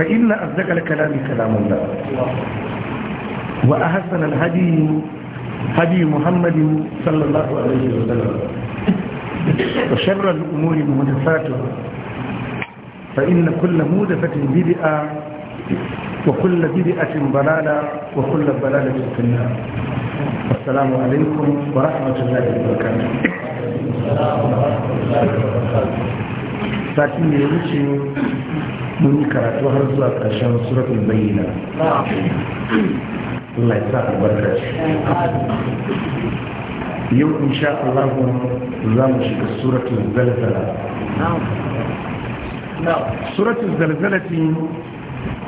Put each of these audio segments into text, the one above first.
فإن أصدق الكلام كلام الله وأحسن الهدي هدي محمد صلى الله عليه وسلم وشر الأمور مهدفاتها فإن كل مهدفة بدئة وكل بدئة ضلالة وكل ضلالة في النار السلام عليكم ورحمة الله وبركاته السلام ورحمة الله وبركاته ساتين يوشي mun karatu har zuwa ƙarshen suratul bayyina Allah ya sa albarka yau insha Allah za mu shiga suratul zalzala suratul zalzalati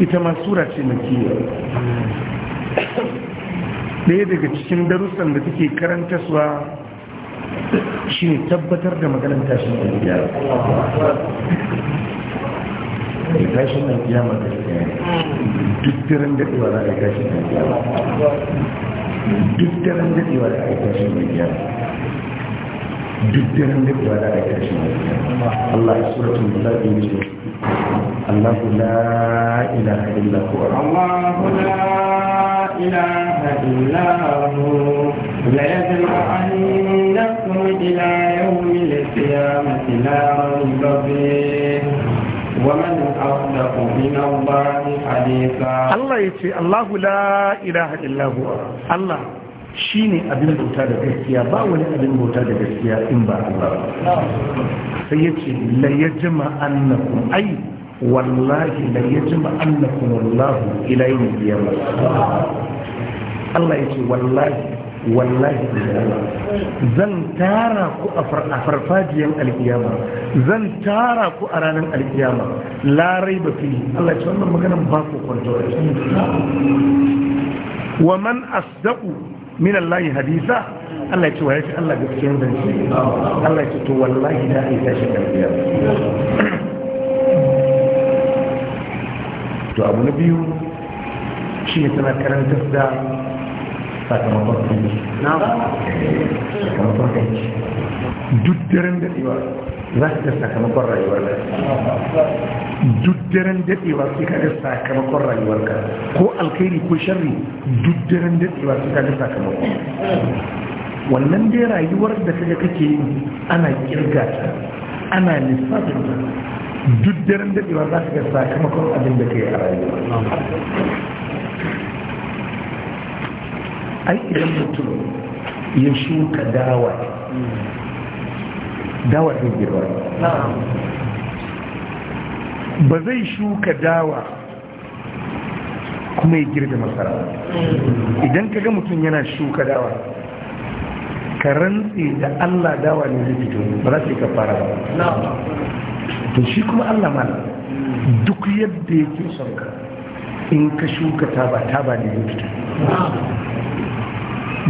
ita ma sura ce makiyya ɗaya daga cikin darussan da take karanta suwa shi ne tabbatar da maganar tashin ɗaya da tashin na kiyama da shi duk tiran daɗewa za a tashin na kiyama duk tiran daɗewa za a tashin na kiyama duk tiran daɗewa za a tashin na kiyama Allah ya suratun da zaɓi ne الله لا إله إلا هو الله لا إله إلا هو ليجمعنكم إلى يوم القيامة لا ومن أصدق من الله حديثا الله يتي الله لا إله إلا هو الله shine abin bauta da gaskiya ba wani abin bauta da gaskiya in ba ba. sai yace la yajma annakum ay wallahi la yajma annakum wallahu ilayhi yawm Allah yace wallahi wallahi zan tara ku a farfajiyar alkiyama zan tara ku a ranar alkiyama larai ba fi Allah ce wannan maganan ba ku kwanto wa man asdaqu min Allah hadisa Allah ya ce wa yafi Allah gaskiyar zance Allah ya ce to wallahi da ai tashi alkiyama to abu na biyu shi ne tana karantar da sakamakon kanci sakamakon kanci duk daren daɗewa za ka ga sakamakon rayuwarka duk daren daɗewa si ka ga sakamakon rayuwarka ko alkhairi ko sharri duk daren daɗewa si ka ga sakamakon wannan dai rayuwar da kaga kake yi ana kirga ana lissafin ta duk daren daɗewa za ka ga sakamakon abin da ka yi a rayuwa ai idan mutum ya shuka dawa dawa zai girma, ba zai shuka dawa kuma ya girbe masara idan ka ga mutum yana shuka dawa ka rantse da allah dawa ne zai fito ba za su yi kafara ba to shi kuma allah mana duk yadda yake son ka in ka shuka taba taba ne zai fito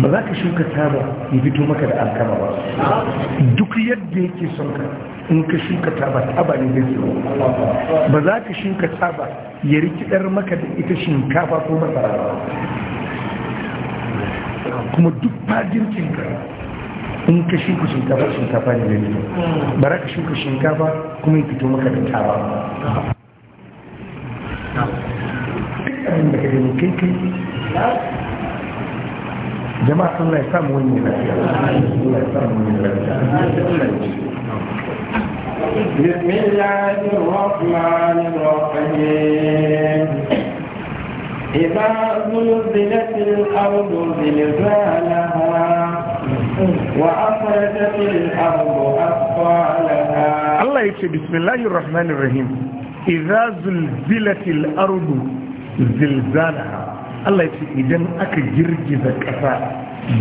ba za ka shuka taba ya fito maka da alkama ba duk yadda yake son ka in ka shuka taba taba ne zai tsoro ba za ka shuka taba ya rikidar maka da ita shinkafa ko masara ba kuma duk cinka in ka shuka shinkafa shinkafa ne zai zo. ba za ka shuka shinkafa kuma ya fito maka da taba duk abin da ka kai kai جماعة الله ya بسم الله الرحمن الرحيم إذا زلزلت الأرض زلزالها وأخرجت الأرض أثقالها الله يكفي بسم الله الرحمن الرحيم إذا زلزلت الأرض زلزالها Allah ce idan aka girgiza ƙasa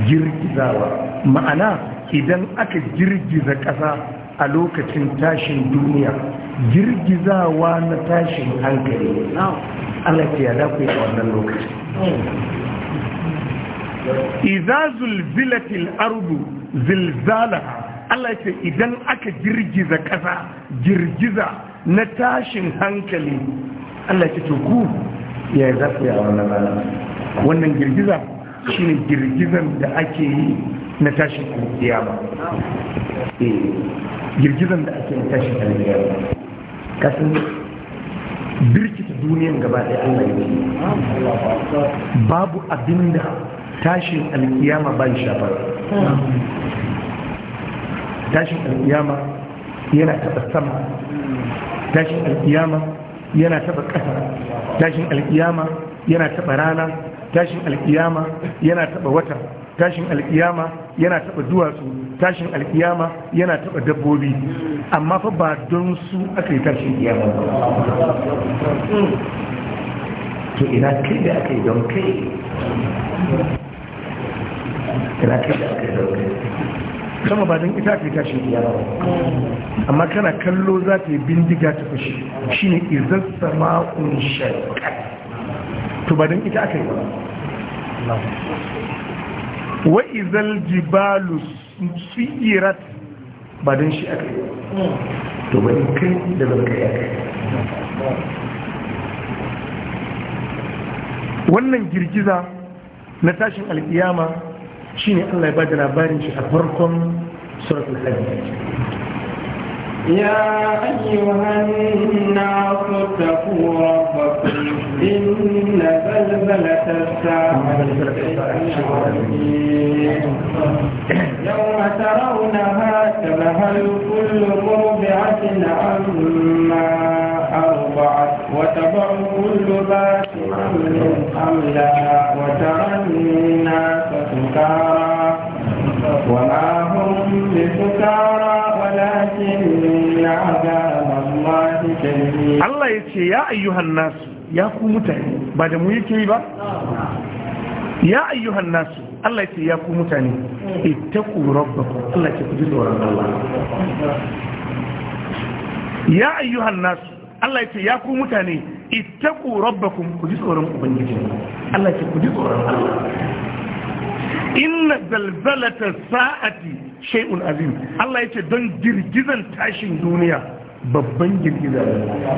girgizawa ma'ana idan aka girgiza ƙasa a lokacin tashin duniya girgizawa na tashin hankali Allah ce ya dakwai a wannan lokaci iza zulzilatil ardu zilzala Allah ce idan aka girgiza ƙasa girgiza na tashin hankali Allah ce to ku ya za zafi yi a wannan rana wannan girgiza shi ne girgizan da ake yi na tashi kiyama eh, girgizan da ake na tashi kiyama kasan birkita duniyan gaba ɗaya Allah ya babu abinda tashin alkiyama ba ya shafar tashin alkiyama yana taɓa sama tashin alkiyama yana taba ƙasa tashin alkiyama yana taba rana tashin alkiyama yana taba wata tashin alkiyama yana taba duwatsu tashin alkiyama yana taba dabbobi amma fa ba don su aka yi tashin kiyama to ina kai da aka yi don kai ina kai da aka yi don kai sama ba don ita ake tashi biya ba amma kana kallo za ta yi bindiga ta fashi shi ne izar sama to ba don ita aka yi ba wa izar jibalu tsirat ba don shi aka yi to ba don kai da zarka ya kai wannan girgiza na tashin alkiyama شيني الله ya bada labarin shi سورة farkon يا أيها الناس اتقوا ربكم إن بلبلة الساعة يوم ترونها تذهل كل مربعة عما أرضعت وتضع كل ذات حمل حملها وترى الناس سكارى وما هم بسكارى ولكن عذاب الله شديد الله يتي يا أيها الناس يا كومتاني بعد مو يا ce ya ku mutane ittaku rabbakum Allah ce ku Allah ya ayyuhan Allah ce ya ku mutane ittaku rabbakum ku ji Allah inna zalzalata sa'ati shay'un azim Allah yace don girgizan tashin duniya babban girgiza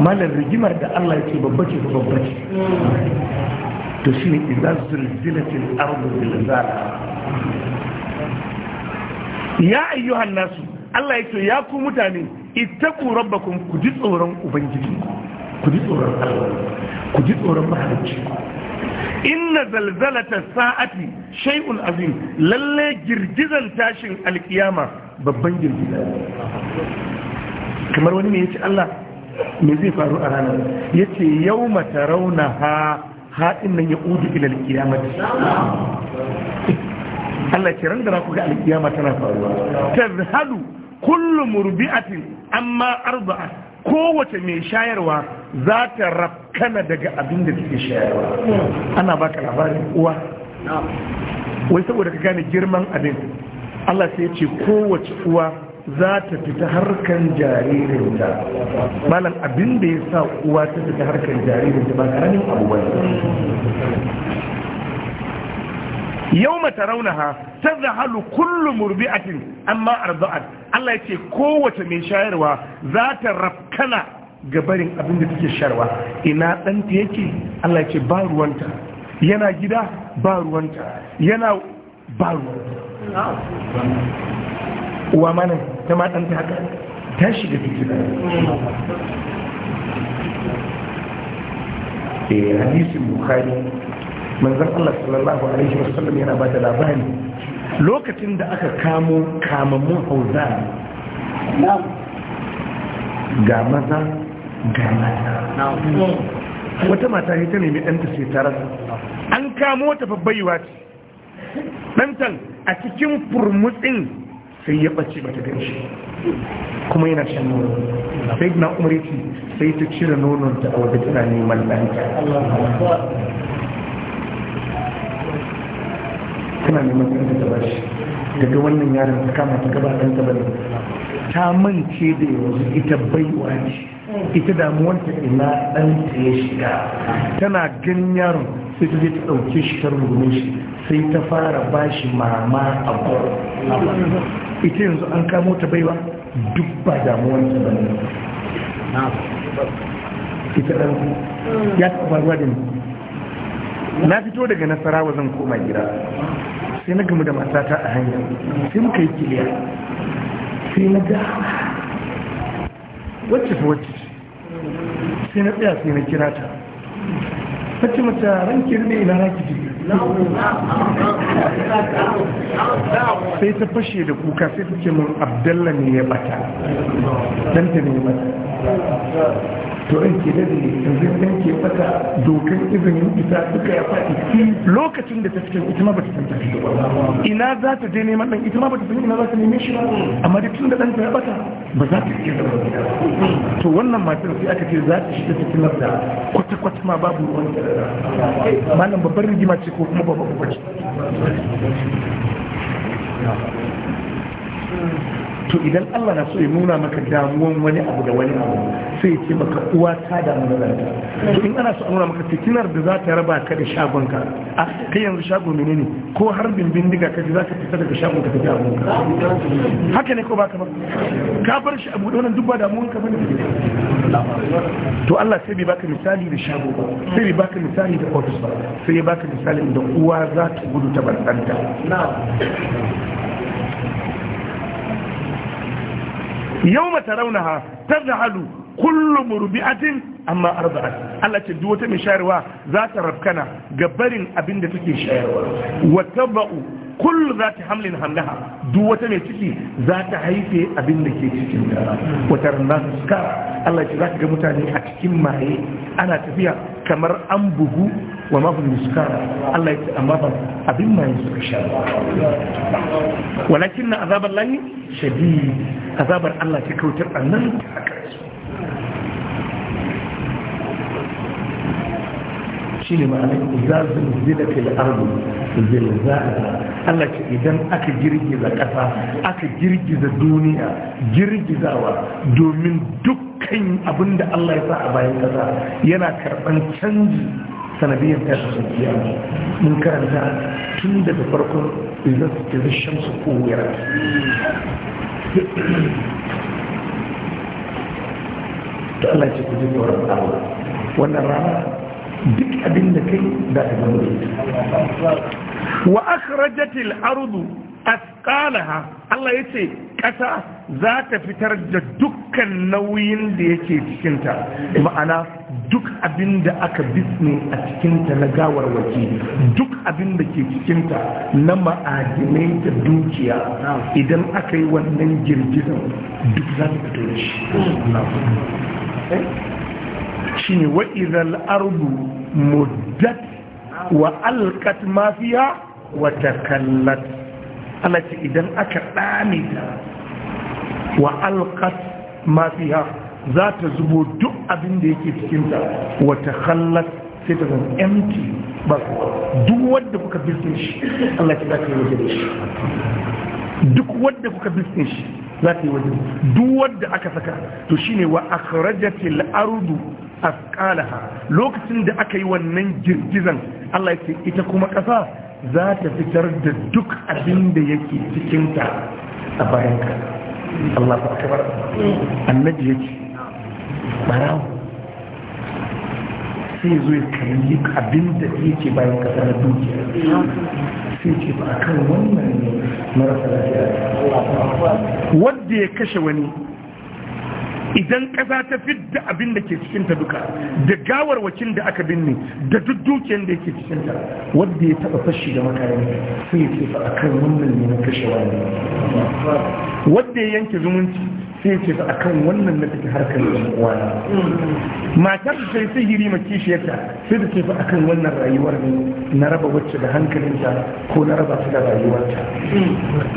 malar rigimar da Allah yace babba ce babba ce to shine idza zilzilatil ardu zilzala ya ayyuhan nasu Allah yace ya ku mutane ittaqu rabbakum ku ji tsoron ubangiji ku ji tsoron Allah ku ji tsoron mahalicci inna zalzalata sa'ati shay'un azim lalle girgizan tashin alkiyama babban girgiza kamar wani ne yace Allah me zai faru a ranar yace yawma tarawnaha haɗin nan ya udu ila alkiyamati Allah ce ran da ku ga alkiyama tana faruwa tazhalu kullu murbi'atin amma arba'at kowace mai shayarwa za ta rafkana daga abin da take shayarwa ana baka labarin uwa wai saboda ka gane girman abin Allah sai ce kowace uwa za ta fita harkan jaririnta malam abin da ya sa uwa ta fita harkan jaririnta ba karamin abu ba yawma tarawnaha tadhhalu kullu murbi'atin amma arda'at Allah yace kowace mai shayarwa za ta rafkana ga barin abin da take shayarwa ina danta yake Allah yace ba ruwanta yana gida ba ruwanta yana ba ruwanta wa mana ta ma danta haka ta shiga fitina eh hadisin bukhari manzan Allah sallallahu alaihi wasallam yana ba da labari lokacin da aka kamo kamammun hauza ga maza ga mata wata mata ita nemi ɗanta sai ta rasa an kamo ta babbaiwa ce ɗantan a cikin furmutsin sai ya ɓace bata gan shi kuma yana shan nono sai na umarci sai ta cire nononta a wadda tunanin neman ta. suna neman kudin ta bashi daga wannan yaron ta kama ta gaba ɗan ta bane ta mance da yanzu ita baiwa ce ita ta ina ɗan ta ya shiga tana ganin yaron sai ta je ta ɗauke shi ta rungume shi sai ta fara bashi mama a gwaro ita yanzu an kamo ta baiwa duk ba damuwanta ba ita ɗan ya taɓa da ne na fito daga nasarawa zan koma gida sai na gamu da matata a hanyar. sai muka yi kiliya sai na ga wacce ta wacce sai na tsaya sai na kira ta wacce mata ran ne ina na kiji sai ta fashe da kuka sai ta ce mun abdalla ne ya bata ta ne ya bata to ke da da yanzu ranke mata dokar izinin isa suka ya faɗi lokacin da ta cikin ita ma ba ta san ta ina za ta je neman ɗan ita ma ba ta san ina za ta neme shi amma duk tun da ɗan ya bata ba za ta iya zama gida to wannan matar sai aka ce za ta shiga cikin labda kwata-kwata ma babu ruwan da malam babbar rigima ce ko kuma babu ce to idan Allah na so ya nuna maka damuwan wani abu da wani abu sai ya ce maka uwa ta damu da zanta to in ana so a nuna maka fitinar da za ta raba ka da shagon ka a kai yanzu shago menene ko har bindiga ka za ka fita daga shagon ka tafi damu ka haka ne ko baka ba ka bar shi abu da wannan duk ba damuwan ka bane to Allah sai bai baka misali da shago ba sai bai baka misali da office ba sai ya baka misali da uwa za ta gudu ta bar Yau yawma tarawnaha tazhalu kullu murbi'atin amma arba'at Allah ce duk wata mai shayarwa za ta rafkana ga barin abin da take shayarwa wa tabu kullu za ta hamlin hamlaha duk wata mai ciki za ta haife abin da ke cikin ta wata ranar ka Allah ce za ka ga mutane a cikin maye ana tafiya kamar an bugu wa ma hum yuskara Allah yake amma ba abin ma yin suka sha walakin na azabar lahi shadi azabar Allah ta kautar annan a kansu shi ne ma'anar izazin zida fil ardu zilzala Allah ce idan aka girgiza ƙasa aka girgiza duniya girgizawa domin dukkan abin da Allah ya sa a bayan ƙasa yana karɓan canji سنبيه اخر الايام منكرا زعل تولد بفرق اذا الشمس كورت الله يجيكم جميعا ورب العالمين وان الرعاه بك ابنتين بعد جمهوريه واخرجت الارض اثقالها الله يجي كسا ذات فتر دكا نوين ليكي تشنتا معناه duk abinda aka bisne a cikinta na gawar waje duk abin ke cikinta na ma'adinai da dukiya idan aka yi wannan girgizan duk za ta fito da shi eh? shi ne idan ardu muddat wa alkat mafiya wata kallat alaci idan aka ɗane ta wa alkat mafiya za ta zubo duk abin da yake cikinta wata hallat sai ta zama empty ba duk wadda kuka bisne shi Allah ta zaka yi waje da shi duk wadda kuka bisne shi za ta yi waje duk wadda aka saka to shine wa akhrajatil ardu asqalaha lokacin da aka yi wannan girgizan Allah ya ita kuma kasa za ta fitar da duk abin da yake cikinta a bayan ka Allah ba akbar mm. annabi yake barawo sai zo ya kalli abin da yake bayan kasa na dukiya sai ce ba a kan wannan ne marasa lafiya wadda ya kashe wani idan kasa ta fi da abin da ke cikin ta duka da gawar gawarwakin da aka binne da duk dukiyar da yake ta, wadda ya taɓa fashi da makarin sai ya ce a kan wannan ne na kashe wani wadda ya yanke zumunci sai ce a kan wannan na take harkar yan uwana matar da sai sihiri ma kishiyarta sai ta ce fa kan wannan rayuwar ne na raba wacce da hankalinta ko na raba ta da rayuwarta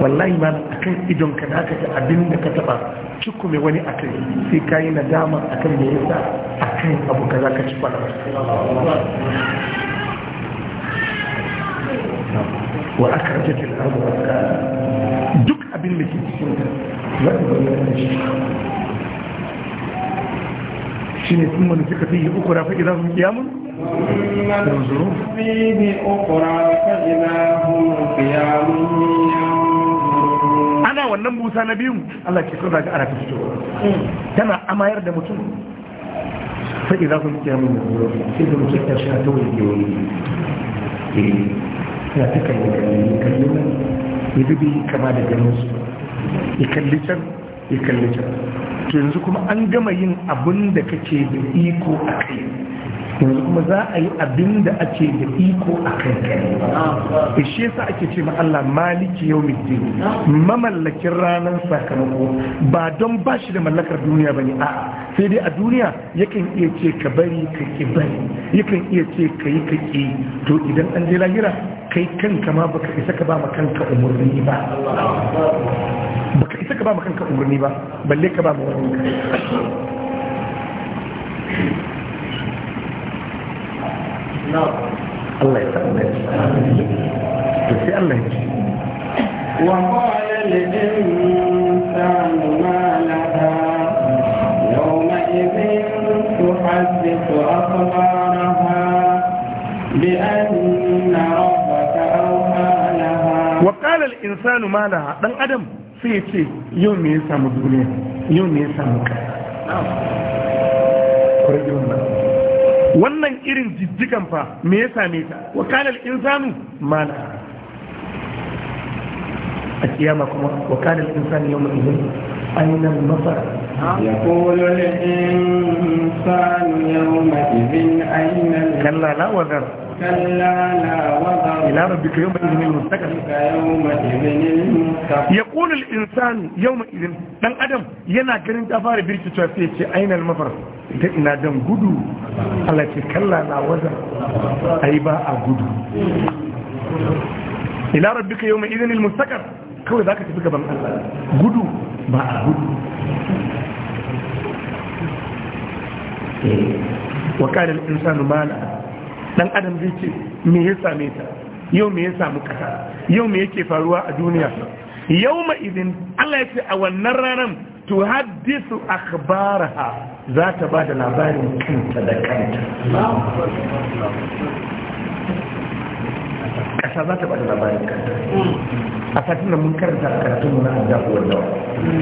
wallahi ma kan idon ka da ta abin da ka taba cikku mai wani akai sai ka yi nadama a kan da akan me a kan abu kaza ka ci fara wa akrajat al-ardu duk abin da ke cikin shi ne sun mani suka fi ukura fa idan sun kiyamu? ana wannan busa na biyu Allah ke kawai ga arafi ta fito tana amayar da mutum sai idan sun kiyamu da zuwa sai da mutum ya sha ta wani eh, wani ya ta kan kalli kalli ya dubi kama da ganin su ya kalli can ya kalli can yanzu kuma an gama yin abin da kake da iko a kai yanzu kuma za a yi abin da ake da iko a kan kai shi yasa ake ce ma Allah maliki yawmiddin mamallakin ranar sakamako ba don ba shi da mallakar duniya bane a'a sai dai a duniya yakan iya ce ka bari ka ki bari yakan iya ce ka yi ka ki to idan an je lahira kai kanka ma baka isa ka ba ma kanka umurni ba baka isa ka ba ma kanka umurni ba balle ka ba ma wani الله يسلمك بس الله وقال الإنسان ما لها يومئذ تحدث أخبارها بأن ربك أوحى لها وقال الإنسان ما لها دان أدم سيتي يوم يسام الدنيا يوم يسام الكلام wannan irin jijjigan fa me ya same ta wa kana al-insanu mala a kiyama kuma wa kana insanu yawma idhin ayna al-masara يقول الإنسان يومئذ أين كلا لا وذر كلا لا وذر إلى ربك يومئذ المستقر يقول الإنسان يومئذ دان أدم ينا قرن تفاري بريك تشافيه أين المفر إنا دم قدو التي كلا لا وذر أي باء قدو إلى ربك يومئذ المستقر kawai za ka tafi gaban Allah gudu ba a gudu wa kana insanu mala dan adam zai ce me ya same ta yau me ya samu kasa yau me yake faruwa a duniya yau ma idin Allah ya ce a wannan ranar to haddisu akhbaraha za ta ba da labarin kanta da kanta kasa za ta ba da labarin kanta a satin da mun karanta karatun na ajabu wanda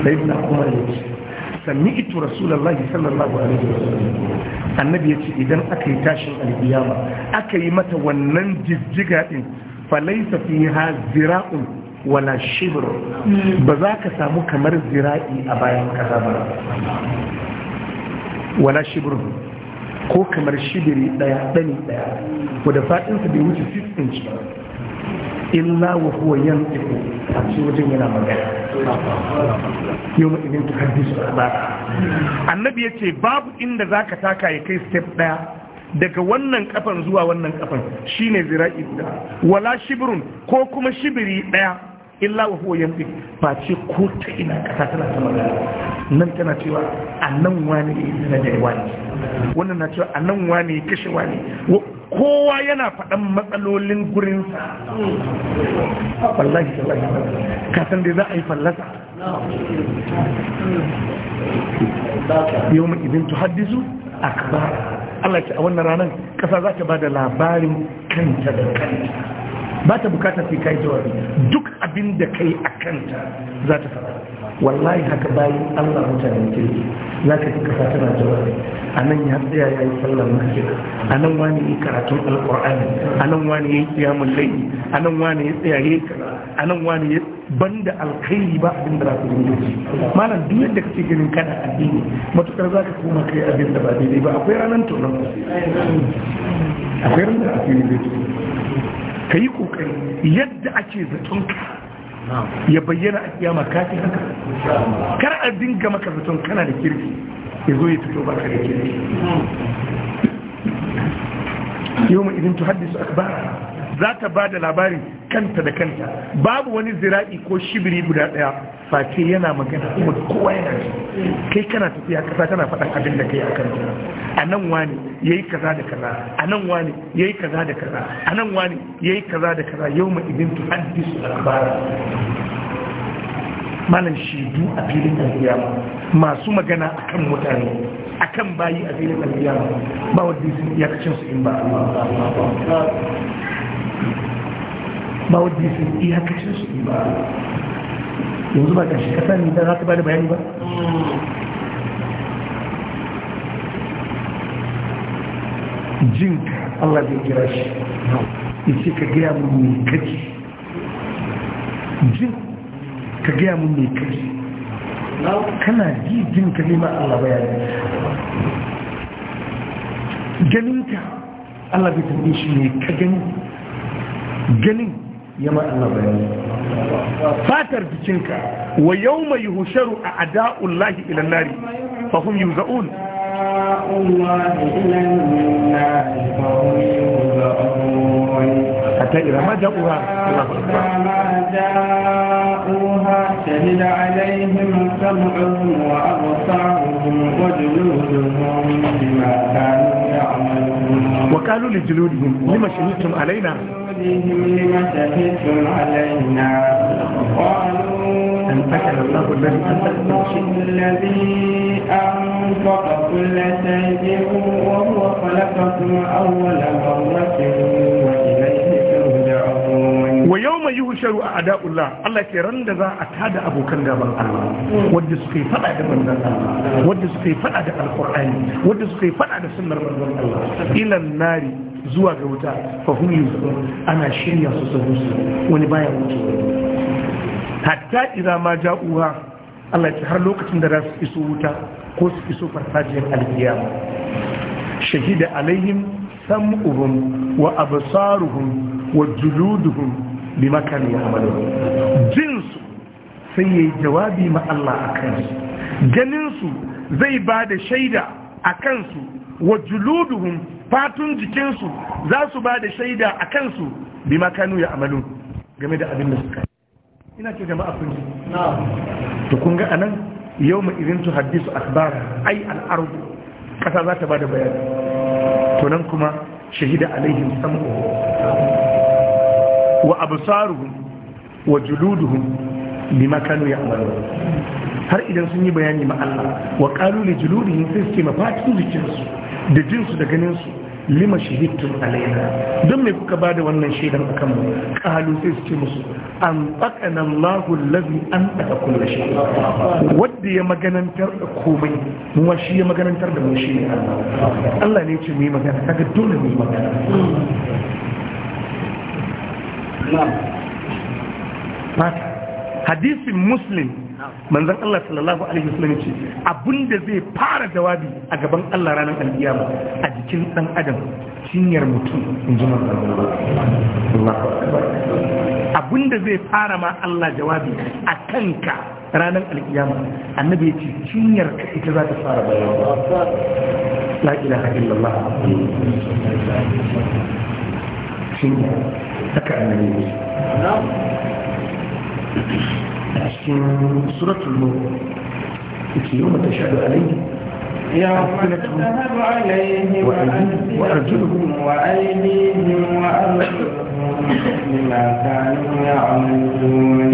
da sai na ya ce sami'tu rasulullahi sallallahu alaihi wasallam annabi yace idan aka yi tashin alkiyama aka yi mata wannan jijjiga din falaisa fiha zira'un wala shibr ba za ka samu kamar zira'i a bayan kaza ba wala shibr ko kamar shibiri daya dani daya ko da fadin sa bai wuce 6 inch illa wa huwa yantiqu shi mutum yana magana yau ma idan ta haddisu ba annabi ya ce babu inda za ka taka ya kai step daya, daga wannan kafan zuwa wannan kafan shine zira'i da wala shibrun ko kuma shibiri daya illa wa huwa yanzu ba ce ko ta ina kasa tana ta magana nan tana cewa a nan wani ya yi zina da wani wannan na cewa annan wani ya kashe wani kowa yana faɗan matsalolin gurinsa wallahi wallahi san da za a yi fallasa yau mai idin tuhaddisu akbar Allah ce a wannan ranar ƙasa za ta ba da labarin kanta da kanta ba ta bukatar fi kai jawabi duk abin da ka yi a kanta za ta faɗa wallahi haka bayan allah mutane kirki za ka kasa tana jawabi a nan ya tsaya ya yi sallar masjid a nan wani yi karatun alkur'ani a nan wani ya yi tsiyamun laifi a nan wani ya tsaya ya yi a nan wani ya da alkhairi ba abin da za ku yi malam duk yadda kake ganin kana addini matukar za ka koma kai abin da ba daidai ba akwai ranar tonon akwai ranar asiri zai ka yi kokari yadda ake zaton ka ya bayyana a kiyama kafin haka kar a dinga maka zaton kana da kirki ya zo ya fito ka da kirki yau ma idan tu akbara za ta ba da labari kanta da kanta babu wani zira'i ko shibiri guda daya face yana magana kuma kowa yana kai kana tafiya kasa kana faɗan abin da kai a kan a nan wani yi kaza da kaza a nan wani yi kaza da kaza a nan wani yi kaza da kaza yau ma idin tu su labara malam shidu a filin alkiyama masu magana a kan mutane a kan bayi a filin alkiyama ba wadda sun iya kacin su in ba ba wadda ya sun iyakacin su ba yanzu ba shi kasa ne don haka ba da bayani ba jinka Allah zai kira shi ya ce ka gaya mun mai kaji jin ka gaya mun mai kaji kana ji jin ka nema Allah bayani ganinka Allah bai tambaye shi mai ka gani ganin yama Allah bayani fatar jikinka wa yawma yuhsharu a'da'ullahi ila an fa hum yuza'un حتى إذا ما جاءوها شهد عليهم سمعهم وأبصارهم وجلودهم بما كانوا يعملون وقالوا لجلودهم لما شهدتم علينا قولهم لم شهدتم علينا قالوا أنفكر الله الذي أنفق كل شيء وهو خلقكم أول مرة وإلى wa yau mai yuhusharu a ada'ullah Allah ke ran da za a tada abokan gaban Allah wadda suka yi fada da manzon Allah wadda suka yi fada da alqur'ani wadda suka yi fada da sunnar manzon Allah ilan nari zuwa ga wuta fa hum ana shirya su su wani baya mutu. hatta idza ma ja'uwa Allah ce har lokacin da za su iso wuta ko su iso farfajiyar alkiyama shahida alaihim sam'uhum wa absaruhum wa juluduhum bi ya amalu jinsu sai ya yi jawabi ma Allah a kansu ganinsu zai ba da shaida a kansu wa juluduhum fatun jikinsu za su ba da shaida a kansu bi ya amalu game da abin da suka ina ce jama'a kun ji to kun ga anan yau mu irin tu hadisu akbar ai al'arub kasa za ta ba da bayani to nan kuma shahida alaihim sam'u wa absaruhum wa juluduhum bima kanu ya'malun har idan sun yi bayani ma Allah wa qalu li juludihim fi sima ce mafatin jikinsu da jinsu da ganin su lima shahidtum alaina don me kuka bada wannan shaidan akan mu qalu sai su ce musu an taqana Allahu allazi an taqa kullu shay wanda ya maganantar da komai kuma shi ya maganantar da mu shi ne Allah Allah ne ya ce mu yi magana kaga dole mu yi magana hadisin muslim manzan Allah sallallahu alaihi wasallam ce abinda zai fara jawabi a gaban Allah ranar alkiyama a jikin dan adam cinyar mutum in ji abinda zai fara ma Allah jawabi a kanka ranar alkiyama annabi ya ce cinyar ka ita za ta fara bayani la ilaha illallah cinyar haka annabi ne a cikin suratul mu yake yau mata shaɗu alaihi ya fulatu wa arjuluhum wa aidihim wa arjuluhum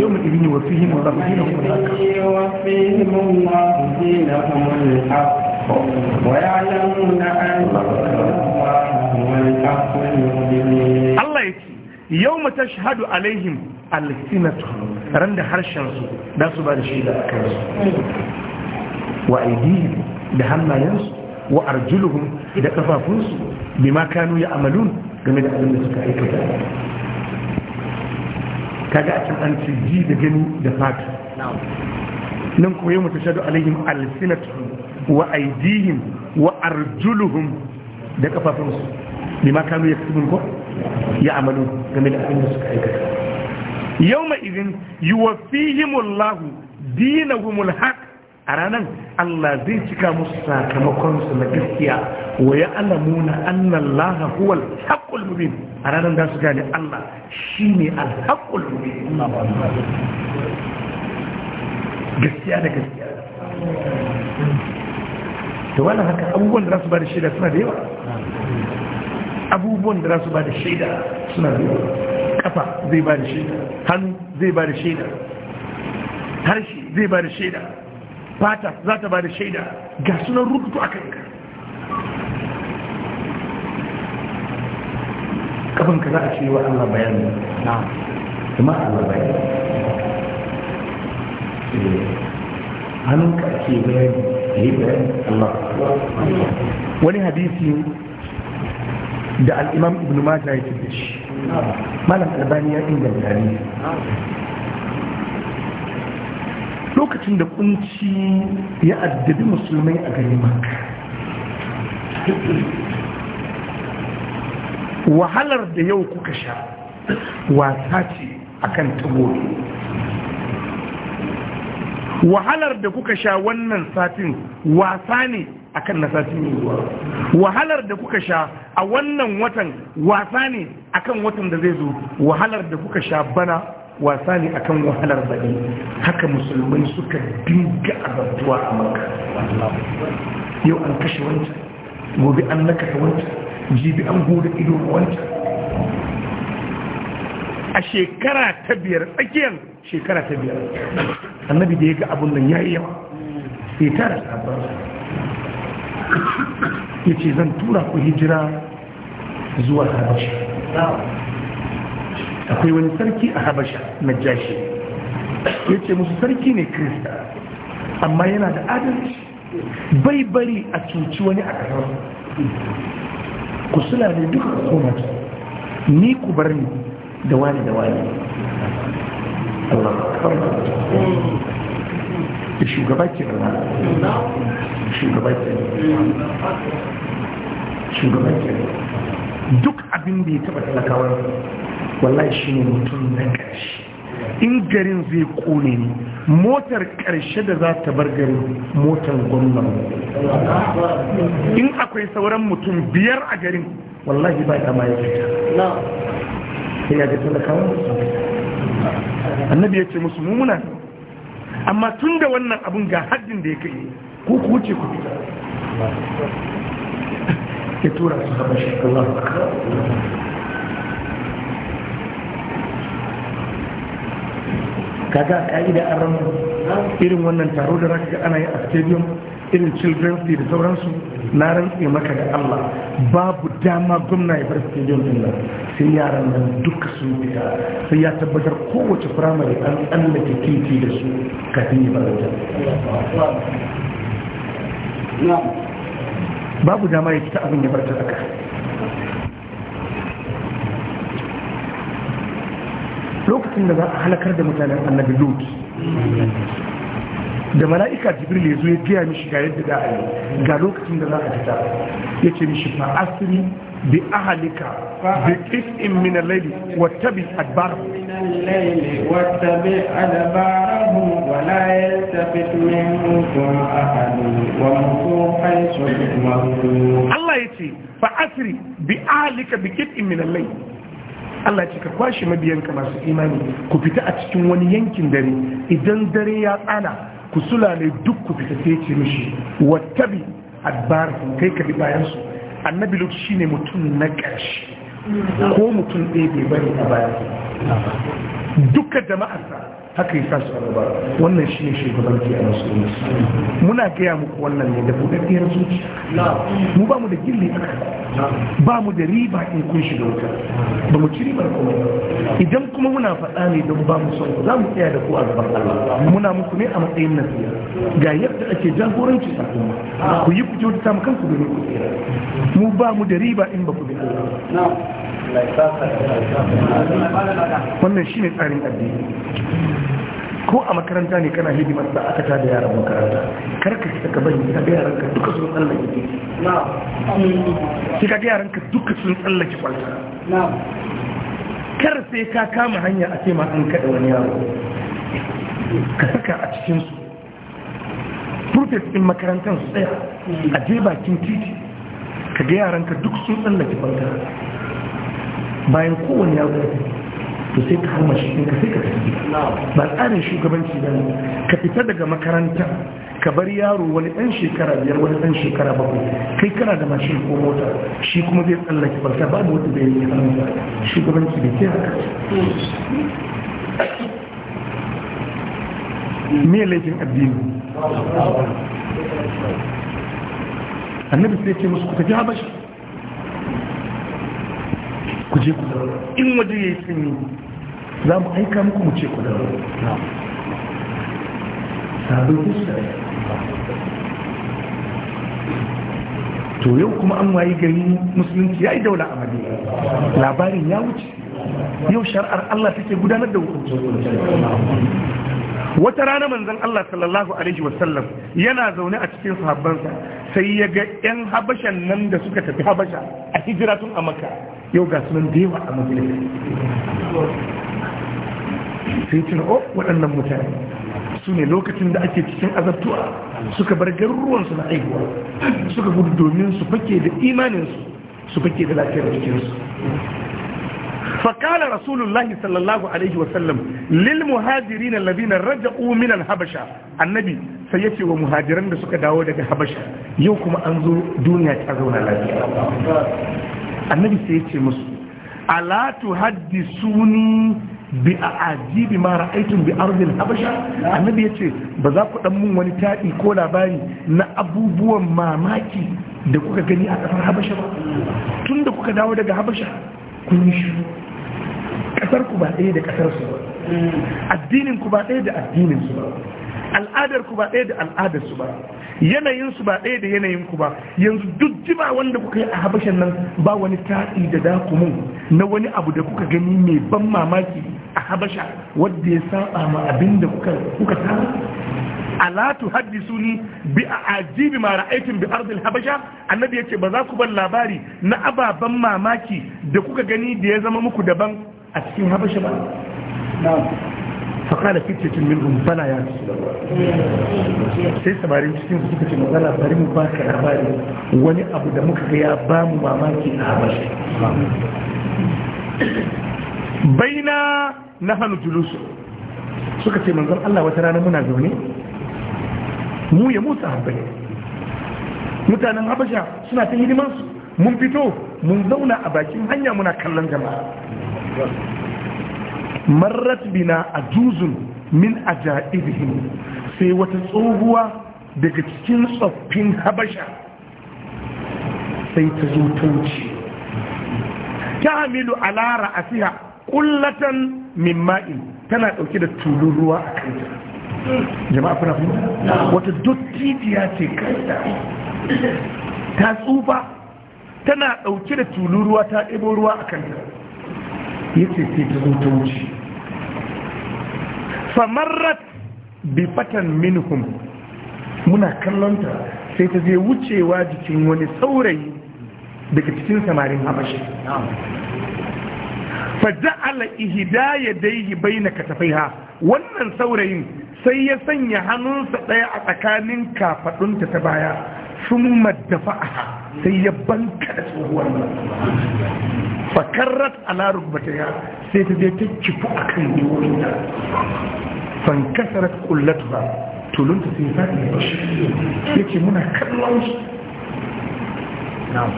يوم الإذن وفيهم الله دينهم الحق يوم الإذن وفيهم الله دينهم الحق yau mu ta shahadu alaihim alfinatu ran da harshensu da su ba da shaida a kansu wa aidihim da hannayensu wa arjuluhum da kafafunsu bi ma kanu ya amalun game da abin da suka aikata kaga a can an ce ji da gani da fata nan kuma yau mu ta shahadu alaihim alfinatu wa aidihim wa arjuluhum da kafafunsu bi ma kanu ya kasubun ko ya amalu game da abin da suka aikata yau mai izin yi wa fihimullahu dinahumul haq a ranar Allah zai cika musu sakamakonsu na gaskiya wa ya alamuna annan laha huwal haƙul mubin a ranar da su gane Allah shi ne al alhaƙul mubin gaskiya da gaskiya da wani haka abubuwan da za su ba da shida suna da yawa abubuwan da za su ba da shaida suna zuwa kafa zai ba da shaida hannu zai ba da shaida harshe zai ba da shaida fata za ta ba da shaida ga sunan rubutu a kanka kafanka za a ce wa Allah bayani na kuma Allah bayani eh, hannunka ake bayani ya yi bayani Allah wani hadisi da al'imam ibn majah ya da shi malam albani ya inganta ne lokacin da kunci ya addabi musulmai a garin maka. wahalar da yau kuka sha wasa ce akan tagogi wahalar da kuka sha wannan satin wasa ne akan na satin zuwa wahalar da kuka sha a wannan watan wasa ne akan watan da zai zo wahalar da kuka sha bana wasa ne akan wahalar baɗi haka musulmai suka dinga azabtuwa a maka yau an kashe wancan gobe an ta wancan jibi an gode ido wancan a shekara ta biyar tsakiyar shekara ta biyar annabi da ya ga abun nan ya yi yawa sai tara sabar ya ce zan tura ku hijira zuwa habasha akwai wani sarki a habasha na jashi ya ce musu sarki ne krista amma yana da adalci bai bari a cuci wani a ƙasar ku sula ne duka koma ni ku bar ni da wani da wani da shugaba ke shugaba ke shugaba ke duk abin da ya taba talakawar wallahi shi ne mutum na ƙarshe in garin zai kone ne motar ƙarshe da za ta bar garin motar gwamnan in akwai sauran mutum biyar a garin wallahi ba ta maye fita sai ya ga talakawar annabi ya ce musu mumuna amma tun da wannan abun ga haddin da ya kai ko ku wuce ku fita ya tura su haɓar shi Allah kaga a ka'ida a irin wannan taro da raka ana yi a stadium irin children day da sauransu na rantse maka da Allah babu dama gwamna ya bar stadium din nan sai yaran nan duka sun fita sai ya tabbatar kowace firamare an tsallake titi da su kafin yi barata babu dama ya fita abin ya bar zaka lokacin da za a halakar da mutanen annabi lut da mala'ika jibril ya zo ya fiya mishi ga yadda da a yi ga lokacin da za a fita ya ce mishi asiri bi ahalika بقسء من الليل واتبع أدبارهم من الليل واتبع أدبارهم ولا يلتفت منكم أحد وامضوا حيث تؤمرون الله يتي فأسري بأهلك بقسء من الليل Allah ce ka kwashe mabiyanka masu imani ku fita a cikin wani yankin dare idan dare ya tsana ku sulale duk ku fita sai ce mishi wattabi adbar kai ka bi bayan su annabi lut shine mutum na ƙarshe ko mutum ɗaya bai bari a baya duka jama'arsa haka yi sasu su wannan shi ne ke a musulunci muna gaya muku wannan ne da buɗaɗɗiyar zuciya mu ba mu da gilli a kan ba mu da riba in kun shiga wuta ba mu ci ribar kuma idan kuma muna faɗa ne don ba mu son za mu tsaya da ku a gaban Allah muna muku ne a matsayin nasiya ga yadda ake jagoranci a kuma ku yi ku ta mu kanku domin ku tsira mu ba mu da riba in ba ku bi Allah wannan shi ne tsarin addini ko a makaranta ne kana hidimar da aka tada yaran makaranta karka ka ka bari ka ga yaran ka duka sun tsallake ki ka ga yaran ka duka sun tsallake kwalta kar sai ka kama hanya a ce ma an kada wani yaro ka saka a cikin su profit din makarantar su tsaya a je bakin titi ka ga yaran ka duk sun tsallake kwalta bayan kowane yaro ya to sai ka koma shi ka sai ka tafi ba tsarin shugabanci ba ne ka fita daga makaranta ka bar yaro wani ɗan shekara biyar wani ɗan shekara bakwai kai kana da mashin ko mota shi kuma zai tsallake ba babu wata da yi hannunsa shugabanci da ke haka me laifin addini annabi sai ce musu ku tafi habashi ku je ku in waje ya yi sanyi za mu aika muku mu ce ku da sabon israel to yau kuma an wayi gani musulunci ya yi daula a madina labarin ya wuce yau shar'ar allah take gudanar da hukunci wata rana manzon Allah sallallahu alaihi wasallam yana zaune a cikin sahabbansa sai ya ga 'yan habashan nan da suka tafi habasha a hijira tun a maka yau ga sunan da yawa a majalis sai tuna oh, waɗannan mutane sune lokacin da ake cikin azabtuwa suka bar garuruwan su na aihuwa suka gudu domin su fake da imaninsu su fake da lafiyar jikinsu fakala rasulullah sallallahu alaihi wasallam lil muhajirin alladhina raja'u min habasha annabi sai yace wa muhajiran da suka dawo daga habasha yau kuma an zo duniya ta zauna lafiya annabi sai yace musu ala tuhaddisuni bi a ajibi ma ra'aitun bi arzil habasha annabi yace ba za ku dan mun wani taɗi ko labari na abubuwan mamaki da kuka gani a kasar habasha ba tunda kuka dawo daga habasha kun yi shi kasar ku ba ɗaya da kasar su ba addinin ku ba ɗaya da addinin su ba al'adar ku ba ɗaya da al'adar su ba yanayin su ba ɗaya da yanayin ku ba yanzu duk jima wanda kuka yi a habashan nan ba wani taɗi da dakumun na wani abu da kuka gani mai ban mamaki a habasha wadda ya saba ma abin da kuka samu alatu tu haddisu ni bi a ajibi ma ra'aytum bi arzil habasha annabi ya ce ba za ku bar labari na ababen mamaki da kuka gani da ya zama muku daban a cikin habasha ba فقال فتية منهم فلا يا ya الله sai samarin cikin suka ce magana bari mu ba ka labari wani abu da muka ga ya ba mu mamaki a habashi baina na hannu julusu suka ce manzan Allah wata rana muna zaune mu ya mutu habbai mutanen habasha suna ta hidimansu mun fito mun zauna a bakin hanya muna kallon jama'a marrat bina juzun min a ajaibihim sai wata tsohuwa daga cikin tsoffin habasha sai ta zo ta wuce ta hamilu a siya kullatan min ma'in tana dauke da tulun ruwa a kanta jama'a fara fahimta wata dottijiya ce kanta ta tsufa tana dauke da tulun ruwa ta ɗebo ruwa a kanta yace sai ta zo ta wuce famarrat bi fatan minhum muna kallonta sai ta je wucewa jikin wani saurayi daga cikin samarin habashi فجعل إهداية ديه بين كتفيها ونن ثورين سيسن يهنون سطيع أتكانين كافتون تتبايا ثم الدفعها سيبن كتفوه فكرت على ركبتها سيتجيت كفو أكل نورنا فانكسرت كلتها تلون تسيفاتي بشكل يكي منا كلاوش نعم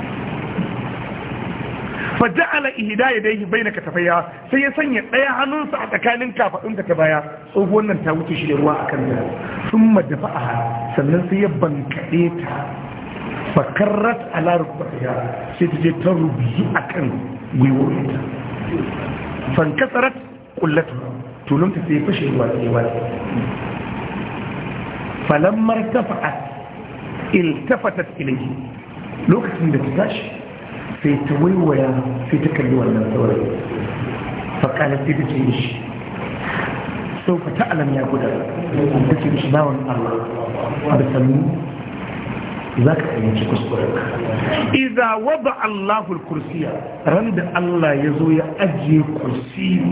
fa ja'ala ihdaya dayhi bainaka tafayya sai ya sanya daya hannunsa a tsakanin kafadunka ta baya tsohuwar nan ta wuce shi da ruwa akan nan thumma dafa'a sannan sai ya bankade ta fakarrat ala rukbatiha sai ta je ta rubi akan gwiwoyinta fankasarat kullatu tulunta sai fashe ruwa sai wani falammar tafa'at iltafatat ilayhi lokacin da ta tashi sai ta waiwaya sai ta kalli wannan saurayi faƙalar sai ta ce shi. sau ka ta'alam ya guda ta ce mishi bawan Allah da sami za ka fahimci kuskurenka iza waba Allahul kursiya ran da Allah ya zo ya ajiye kursi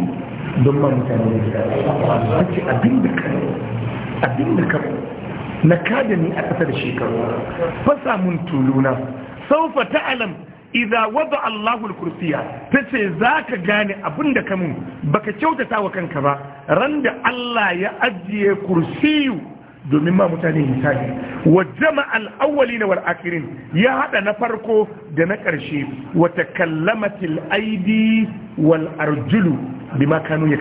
don ma mutane da ta ce abin da ka abin da ka na kada ni a ƙasa da shekaru fasa mun tuluna saufa ta'alam Iza wada Allahu al-kursiya tace zaka gane da ka mun baka kyautata wa kanka ba randa Allah ya ajiye kursiyu domin ma mutane hisabi wa jama'a al na Wal'akirin ya hada na farko da na ƙarshe. wata takallamatil aidi wal arjulu bima kanu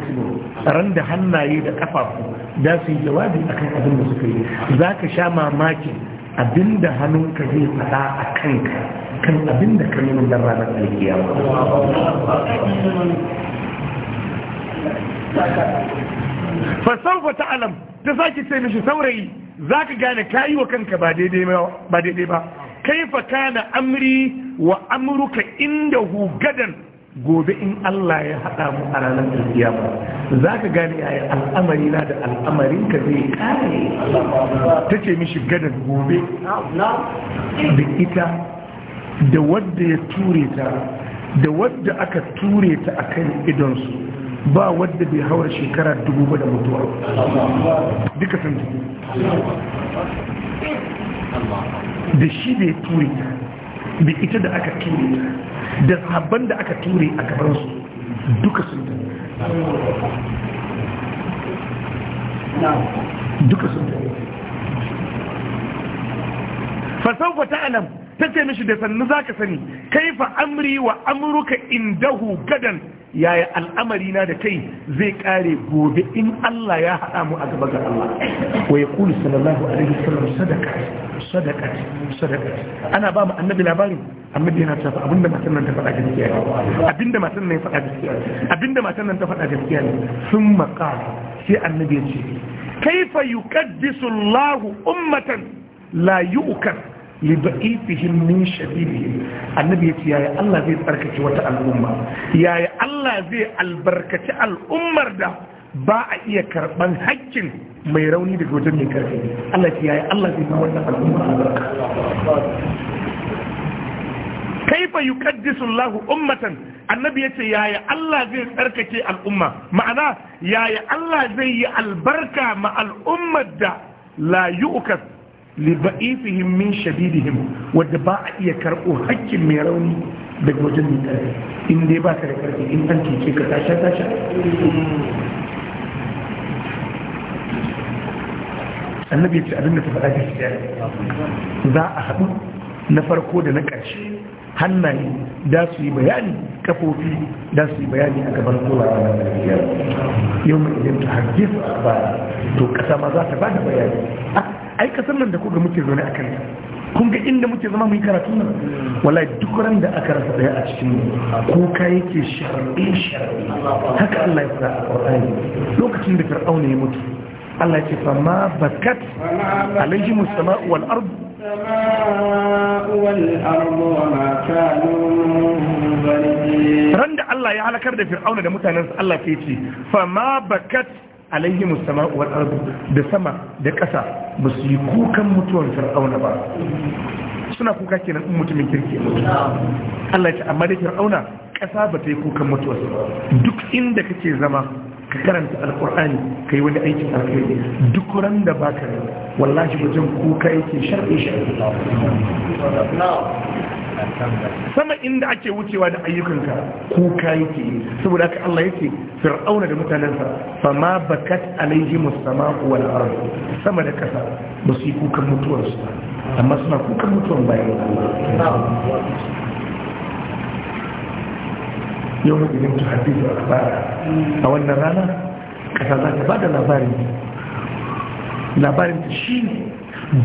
randa hannaye da kafafu da su yi jawabi akan abin da suka yi zaka sha mamakin abinda hannunka zai faɗa a kanka kan abinda ka nuna ranar alkiyama fasaufa ta'alam ta sake ce mishi saurayi za ka gane kayi wa kanka ba daidai ba kaifa kana amri wa amruka hu gadan gobe in Allah ya haɗa mu a ranar alkiyama za ka gane yi al'amari na da al'amarin ka zai kare ta ce mishi gadar gobe da ita da wadda ya ture ta da wadda aka ture ta a kan idonsu ba wadda bai hawar shekara dubu ba da mutuwa duka sun da shi bai ture ta da ita da aka ture ta da sabon da aka ture a gabansu duka sun da duka sun da fasaufa ta alam ta mishi da sannu za ka sani fa amri wa amurka indahu gadan yaya al'amari na da kai zai kare gobe in Allah ya haɗa mu a gaba ga Allah wa ya kuli sallallahu alaihi wasallam sadaka sadaka sadaka ana ba mu annabi labari annabi yana cewa abinda matan nan ta faɗa gaskiya ne abinda matan nan ya faɗa gaskiya ne abinda matan nan ta faɗa gaskiya ne sun maka sai annabi ya ce kaifa yukaddisu Allahu ummatan la yu'kar liba'ifihim min shabihi annabi yace yaya Allah zai tsarkake wata al'umma Allah zai albarkaci al'ummar da ba a iya karban haƙƙin mai rauni daga wajen mai karfi Allah Allah zai ba wannan al'umma albarka kaifa yuqaddisu Allah ummatan annabi yace yaya Allah zai tsarkake al'umma ma'ana yaya Allah zai yi albarka ma al'ummar da la yu'kas liba'ifihim min shadidihim wadda ba a iya karɓo hakkin mai rauni daga wajen mai ƙarfi in dai ba ka da ƙarfi in an cece ka tasha tasha annabi ya ce abin da ta faɗa gaskiya za a haɗu na farko da na ƙarshe hannaye da su yi bayani kafofi da su yi bayani a gaban kowa a ranar biyar yau mai idan ta hargis ba to ƙasa ma za ta ba da bayani ai kasar nan da kuka muke zaune a kanta kun ga inda muke zama mu karatu nan wallahi duk ran da aka rasa daya a cikin kuka yake sharbi sharbi haka Allah ya fara a Qur'ani lokacin da Fir'auna ya mutu Allah ya ce fa ma bakat alayhi musama'u wal ard ran da Allah ya halakar da Fir'auna da mutanen mutanensa Allah ya ce fa ma bakat alaihi musama wa ardu da sama da ƙasa ba su yi kukan mutuwar fir'auna ba suna kuka kenan in mutumin kirki Allah ya ce amma da fir'auna ƙasa ba ta yi kukan mutuwar duk inda kake zama ka karanta alkur'ani ka yi wani aikin alkhairi duk ran da baka wallahi wajen kuka yake shar'i shar'i sama inda ake wucewa da ayyukanka kuka yake saboda aka Allah yake fir'auna da mutanensa fa ma bakat alaihi musama'u wal ard sama da kasa ba su yi kukan mutuwar su amma suna kukan mutuwar bayan yau mutu ne ta hadisi a kabara a wannan rana kasa za ta ba da labarin labarin ta shi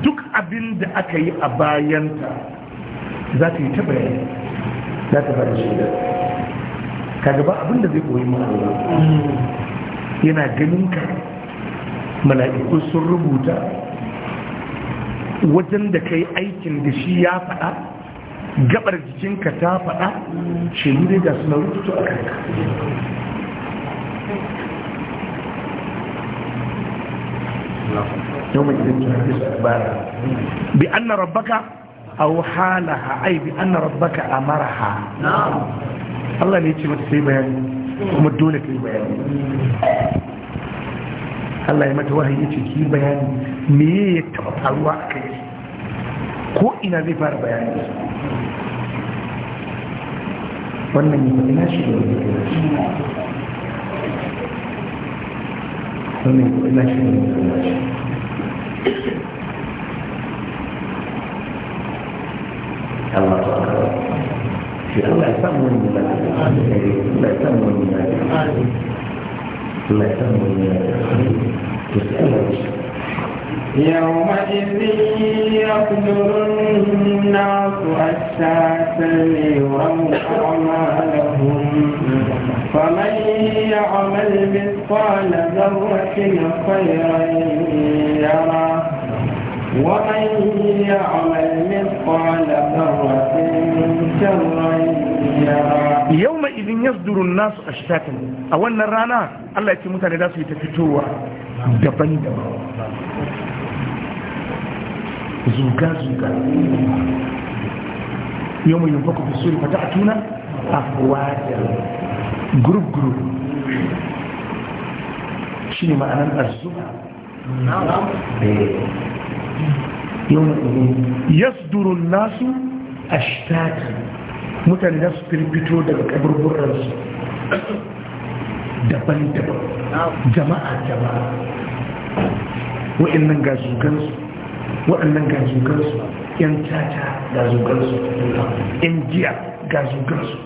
duk abin da aka yi a bayanta za ta yi ta bayani za ta bada shaida Ka gaba abin da zai koyi mu Allah yana ganin ka mala'iku sun rubuta wajen da kai aikin da shi ya faɗa gabar jikinka ta faɗa shaidu dai ga suna rubutu a kanka يوم الدين تحدث أخبارها بأن ربك أو حالها أي بأن ربك أمرها نعم الله ليش متسيبين ومدونك البيان الله يمت وهي يتكي بيان ميت الواقع كو إنا ذي فار بيان وانا يمتنا شبه وانا يمتنا شبه وانا يمتنا شبه الله الله يسمون المنافق الله يسمون المنافق الله يسمون المنافق تسألهم يومئذ يقدر الناس أشتاتا ليروا أعمالهم فمن يعمل مثقال ذرة خيرا يره ومن يعمل مثقال ذرة شرا يومئذ يصدر الناس أشتاتا او ان الرانا الله يتموت على ناسه يتفتوا دبن دبن زوجا زوجا يوم ينفق في السور فتأتون أفواجا جروب جروب شنو معنى الزوجة Eh. yasduru nasu ashtaki mutane da su firfito daga kaburburansu daban-daban jama'a jama'a wa'annan ga zugansu waɗannan ga zugansu yan caca ga zugansu yan giya ga zugansu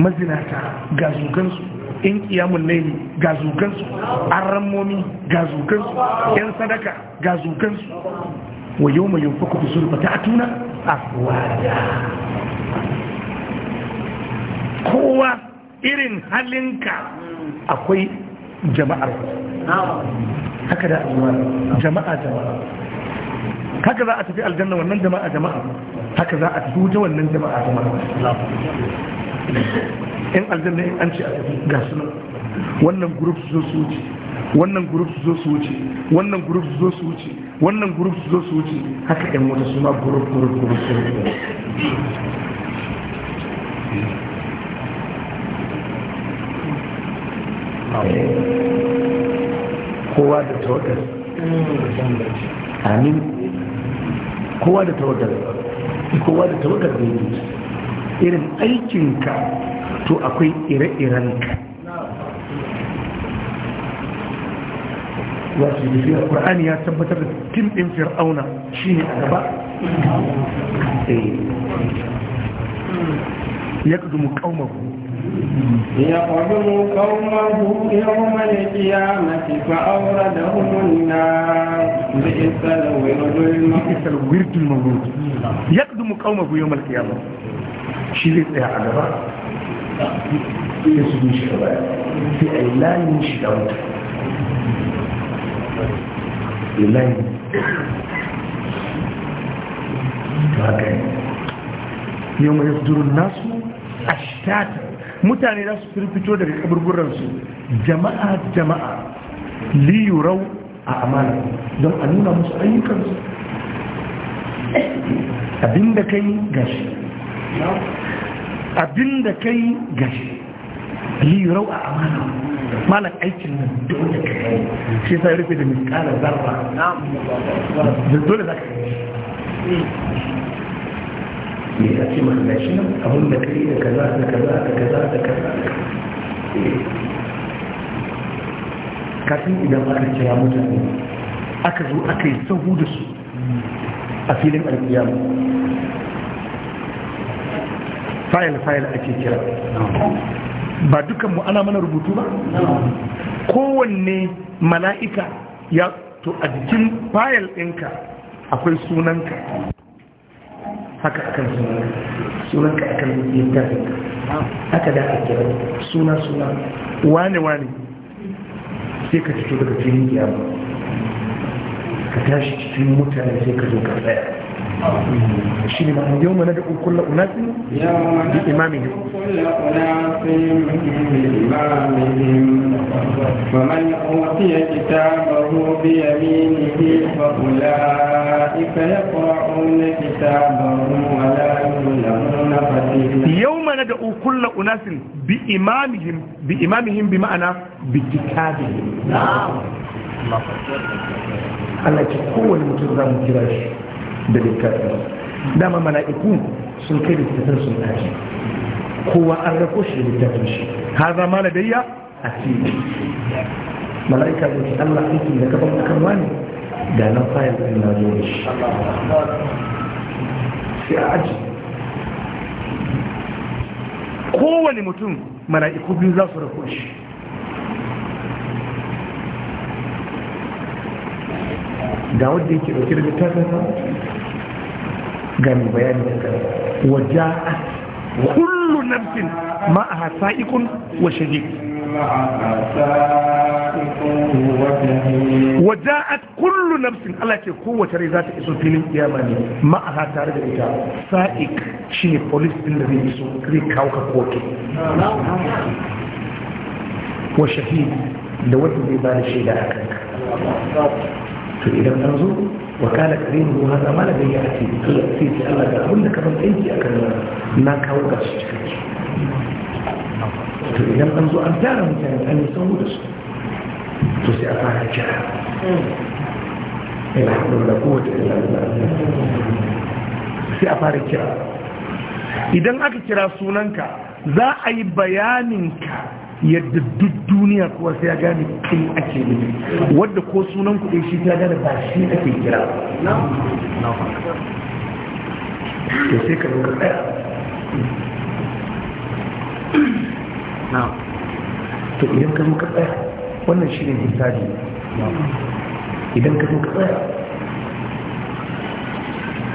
mazinata ga zugansu in kiyamun laili ga zukansu an ramomi ga zukansu yan sadaka ga zukansu wa yau mai yunfa kuɗi sulfa ta tuna wada kowa irin halinka akwai jama'ar haka da jama'a jama'a haka za a tafi aljanna wannan jama'a jama'a haka za a tafi wuta wannan jama'a jama'a yan aljanna in an ce a tafi ga su nan wannan group su zo su wuce wannan group su zo su wuce wannan group su zo su wuce wannan group su zo su wuce haka yan wata su ma group group group su kowa da tawadar, amin kowa da tawagar kowa da tawagar da irin aikinka to akwai ire-irenka wasu jifi a ƙwar'ani ya tabbatar da tim ɗin fir'auna shi ne a gaba ya kudumu ƙaunahu يقدم قومه يوم القيامة فأوردهم النار بئس الورد المورود يقدم قومه يوم القيامة شيء يا عجبا ليس من شباب في أيلان من شدود أيلان هكذا يوم يصدر الناس أشتاتا متعنى الناس في البيتوة دارك أبر برنس جماعة جماعة ليروا أعمالهم دم أنونا مسعيكا أبين دكين قاشي abinda kai gashi yi rau a amana malam aikin nan dole ka yi shi sai rufe da miskala zarra da dole za ka yi me ya ce mahallashi nan abin da kai da kaza da kaza da kaza da kaza kafin idan aka kira mutane aka zo aka yi sahu da su a filin alkiyama fayil fayil ake kira ba dukkan mu ana mana rubutu ba kowanne mala'ika ya to a jikin fayil ɗinka akwai sunanka haka akan sunanka sunanka akan littafinka haka da ake kira suna suna wane wane sai ka fito daga filin yamma ka tashi cikin mutane sai ka zo ka tsaya شيء من اليوم ندعو كل أناس بإمامهم ومن أوتي كتابه بيمينه فأولئك يقرؤون كتابهم ولا يظلمون فتيلا يوم ندعو كل أناس بإمامهم بإمامهم بمعنى بكتابهم نعم الله أكبر الله أكبر الله أكبر da littafi dama mala'iku sun kai littafin sun tashi kowa an rako shi littafin shi har zama da dayya a cikin mala'ika da ke allah aiki da kafin akan wani da nan fayar da na zo da shi sai a aji kowane mutum mala'iku biyu za su rako shi ga wadda yake ɗauke da littafin gani bayani da gani waja'a kullu nafsin ma'aha sa'ikun wa shahid waja'at kullu nafsin Allah ce kowace rai za ta iso filin kiyama ne ma'aha tare da ita sa'ik shine police din da zai iso zai kawo ka kotu wa shahid da wanda zai ba da shaida a kanka to idan an zo وكان كريمه هذا ما لدي يأتي في في الله قال أقول لك من أيدي أكرم ما كان قصد إذا أنظر أمثاله كانت أن يسووا دس تسعفها جاء إلى حول ولا قوة إلا بالله sai a fara kira idan aka kira sunanka za a yi bayaninka yadda duk duniya kuwa sai ya gane kai ake ne wadda ko sunan kuɗe shi ta gane ba shi ake kira to sai ka lura ɗaya to idan ka muka tsaya wannan shi ne misali idan ka muka tsaya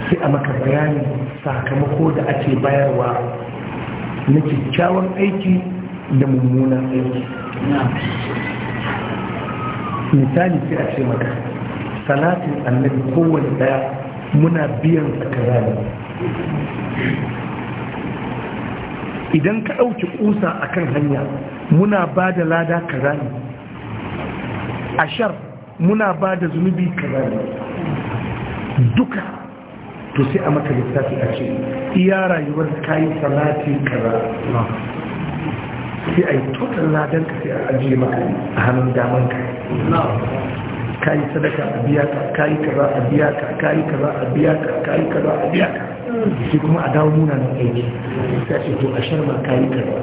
sai a maka bayani sakamako da ake bayarwa na kyakkyawan aiki da mummunan aiki misali sai a ce maka salatin annabi kowane daya muna biyan tsakarari idan ka ɗauki ƙusa a kan hanya muna ba da lada kaza a shar muna ba da zunubi kaza duka to sai a maka littafi a ce iya rayuwar kayi salati kaza sai a yi tutar ladan ka sai a ajiye maka a hannun daman ka ka yi sadaka a biya ka ka yi kaza a biya ka ka yi kaza a biya ka ka yi kaza a biya ka sai kuma a dawo na aiki sai a ce to a sharma ka yi kaza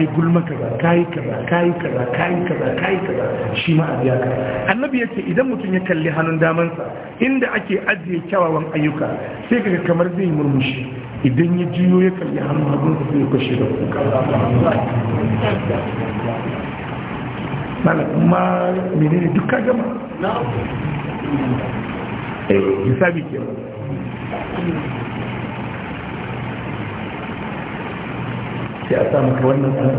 yi gulma kaza yi kaza ka kaza kayi kaza yi kaza shi ma a biya ka annabi ya ce idan mutum ya kalli hannun damansa inda ake ajiye kyawawan ayyuka sai kaga kamar zai murmushi idan ya jiyo ya kalli hannu abin da zai da kuka malakun menene eh, ɗan wannan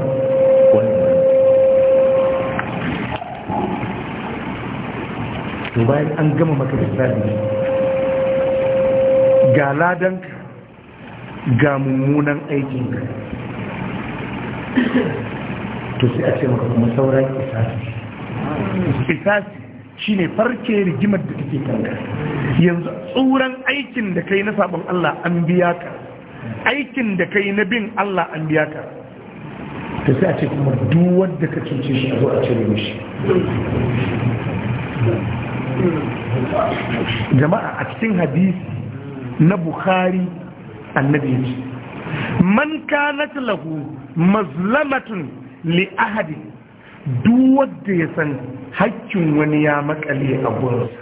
to bayan an gama maka hisabi ga ladanka ga mummunan aikin to sai a ce maka kuma sauran isasi isasi shi ne farke rigimar da take kanka yanzu tsoron aikin da kai na sabon Allah an biya ka aikin da kai na bin Allah an biya ka ta sai a ce kuma duwar da ka cuce shi a zo a cire mishi jama'a a cikin hadisi na bukhari annabi ne man kanat lahu mazlamatun li ahadi duk wanda ya san hakkin wani ya makale a gurinsa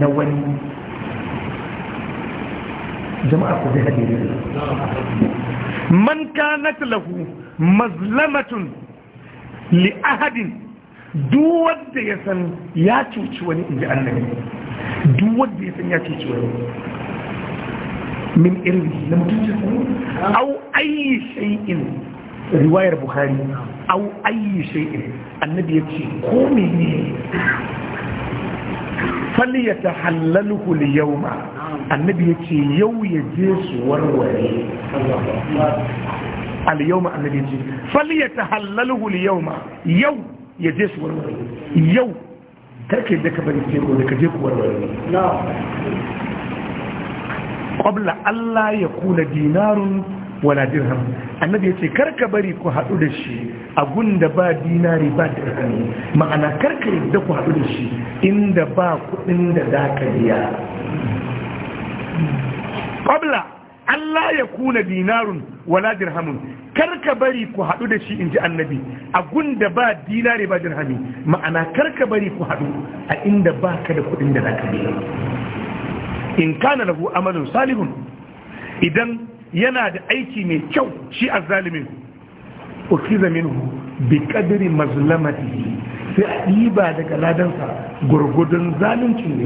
na wani jama'a ku ji hadiri man kanat lahu mazlamatun li ahadin duk wanda ya san ya cuci wani inji annabi duk wanda ya san ya cuci wani من علمه لم أو أي شيء رواية البخاري أو أي شيء النبي يكشي قومي فليتحلله اليوم النبي يكشي يو يجيس وروري اليوم النبي يكشي فليتحلله اليوم يو يجيس وروري يو تركي دك بني تيكو دك ديك وروري Kwabla Allah ya kula dinarun wala dirham annabi yace karka bari ku hadu da shi a gunda ba dinari ba dirhami ma'ana karka yadda ku hadu da shi inda ba kuɗin da zaka biya Allah ya kuna dinarun wala dirhamun karka bari ku haɗu da shi inji annabi a gunda ba dinari ba dirhami ma'ana karka bari ku hadu a inda baka da da biya in kana lahu amalun salihun idan yana da aiki mai kyau shi azzalimin ukiza minhu bi qadri mazlamati sai a ɗiba daga ladansa gurgudun zalunci ne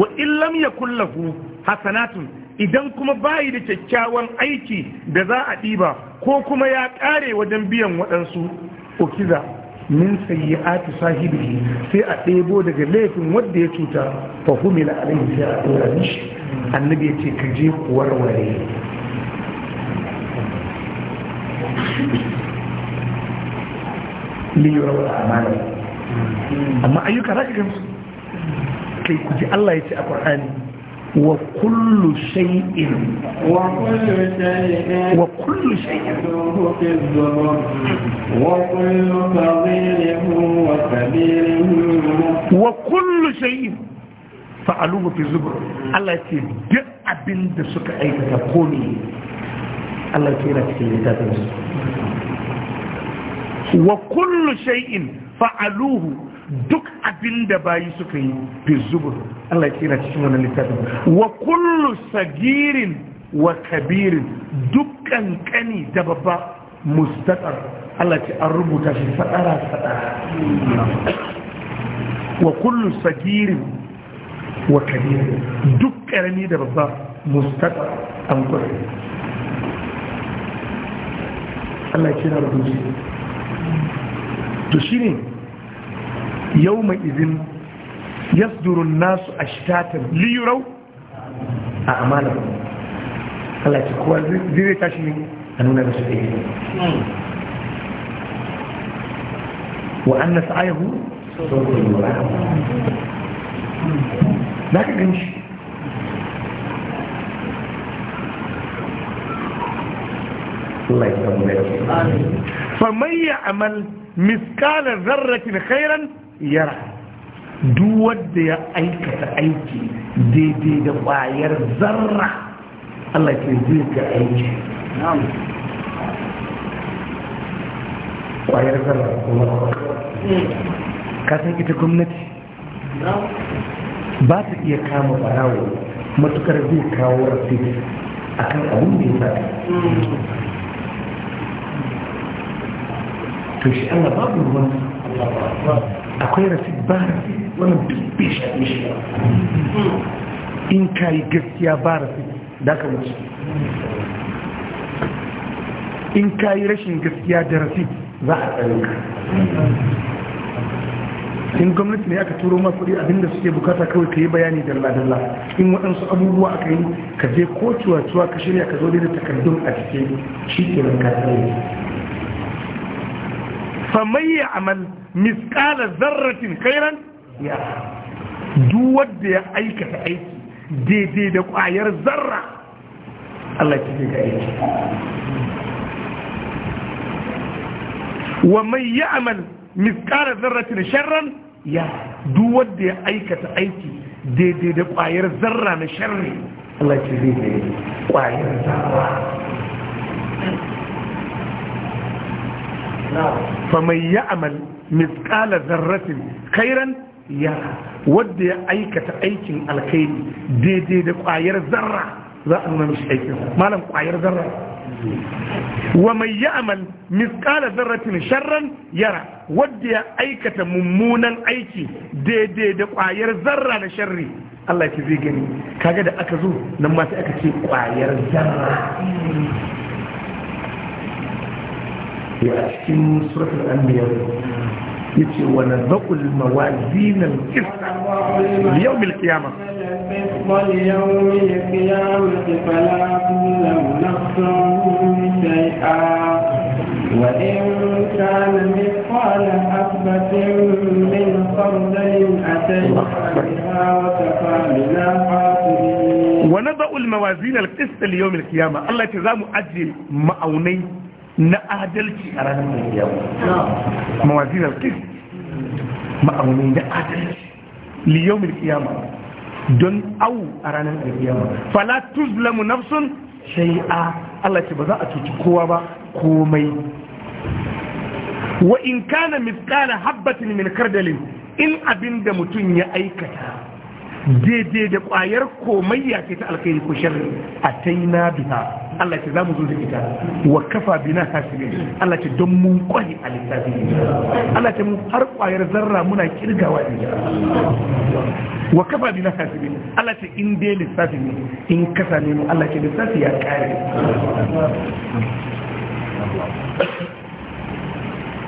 wa illam yakul lahu hasanatun idan kuma bayi da kyakkyawan aiki da za a ɗiba ko kuma ya ƙare wajen biyan waɗansu Okiza. min sayyi'ati sahibihi sai a ɗebo daga laifin wanda ya cuta fa humila alaihi sai a dora mishi annabi yace ka je warware liyurawar amana amma ayyuka za ka kai kuji Allah ya ce a Qur'ani وكل شيء وكل شيء وكل شيء في الزبر وكل وكبيره وكل شيء فعلوه في الزبر الله يتي دق abin da suka aikata komi Allah ke yana cikin littafin duk abinda da bayi suka yi fi zubur Allah ya kira cikin wannan littafin wa kullu sagirin wa kabirin duk kankani da babba mustaqar Allah ce an rubuta shi fadara fadara wa kullu sagirin wa kabirin duk karami da babba mustaqar an kure Allah ya kira rubuci to shine يوم إذن يصدر الناس أشتاتا ليروا أعمالهم الله تقوى ذي تشمي أنونا بسعيدين إيه. وأن سعيه لكن نمشي الله يكرمك فمن يعمل مثقال ذرة خيرا yara duk wanda ya aikata aiki daidai da ƙwayar zarra Allah ke zai ga aiki ƙwayar zarra kuma hmm. ka san ita gwamnati ba ta iya kama barawo matukar zai kawo rafi a kan abin da ya sa hmm. to shi Allah babu ruwan akwai rasid ba rasid wannan dubbe shafi shi in ka yi gaskiya ba rasid da ka wuce in ka yi rashin gaskiya da rasid za a tsaye ka in gwamnati ne aka turo masu kudi abinda suke bukata kawai ka yi bayani dalla-dalla in waɗansu abubuwa aka yi ka je ko cuwa-cuwa ka shirya ka zo da takardun a cikin shi ke ka tsaye فمن يعمل مثقال ذرة خيرا يا دوت دي ايك في ايك دي دي دي قعير ذرة الله يتجيك ايك ومن يعمل مثقال ذرة شرا يا دوت دي ايك في ايك دي دي دي قعير ذرة من شر الله يتجيك ايك قعير ذرة faman ya'mal mithqala dharratin khairan yara wadda ya aikata aikin alkhairi daidai da kwayar zarra za a nuna mishi aikin malam kwayar zarra wa mai ya'mal mithqala dharratin sharran yara wadda ya aikata mummunan aiki daidai da kwayar zarra na sharri Allah ki zai gani kaga da aka zo nan ma sai aka kwayar zarra سورة الأنبياء يتي الموازين القسط ليوم القيامة وليوم القيامة فلا تظلم نفسا شيئا وإن كان مثقال حبة من خردل أتيت بها وكفى بنا ونضع الموازين القسط ليوم القيامة الله يتزام أجل مأونين na adalci a ranar mai yawa mawazinar kis ma'auni na adalci liyomin kiyama don au a ranar mai kiyama fala tuzlamu nafsun shai'a Allah ce ba za a cuci kowa ba komai wa in kana mithqala habatin min kardalin in abinda mutum ya aikata daidai da kwayar komai ya ce ta alkhairi ko a taina biha Allah ce za mu zo da ita wa kafa bina hasibin Allah ce don mun kwani a littafi Allah ce mun har kwayar zarra muna kirgawa ne wa kafa bina hasibin Allah ce in dai lissafi ne in kasa ne mu Allah ce lissafi ya kare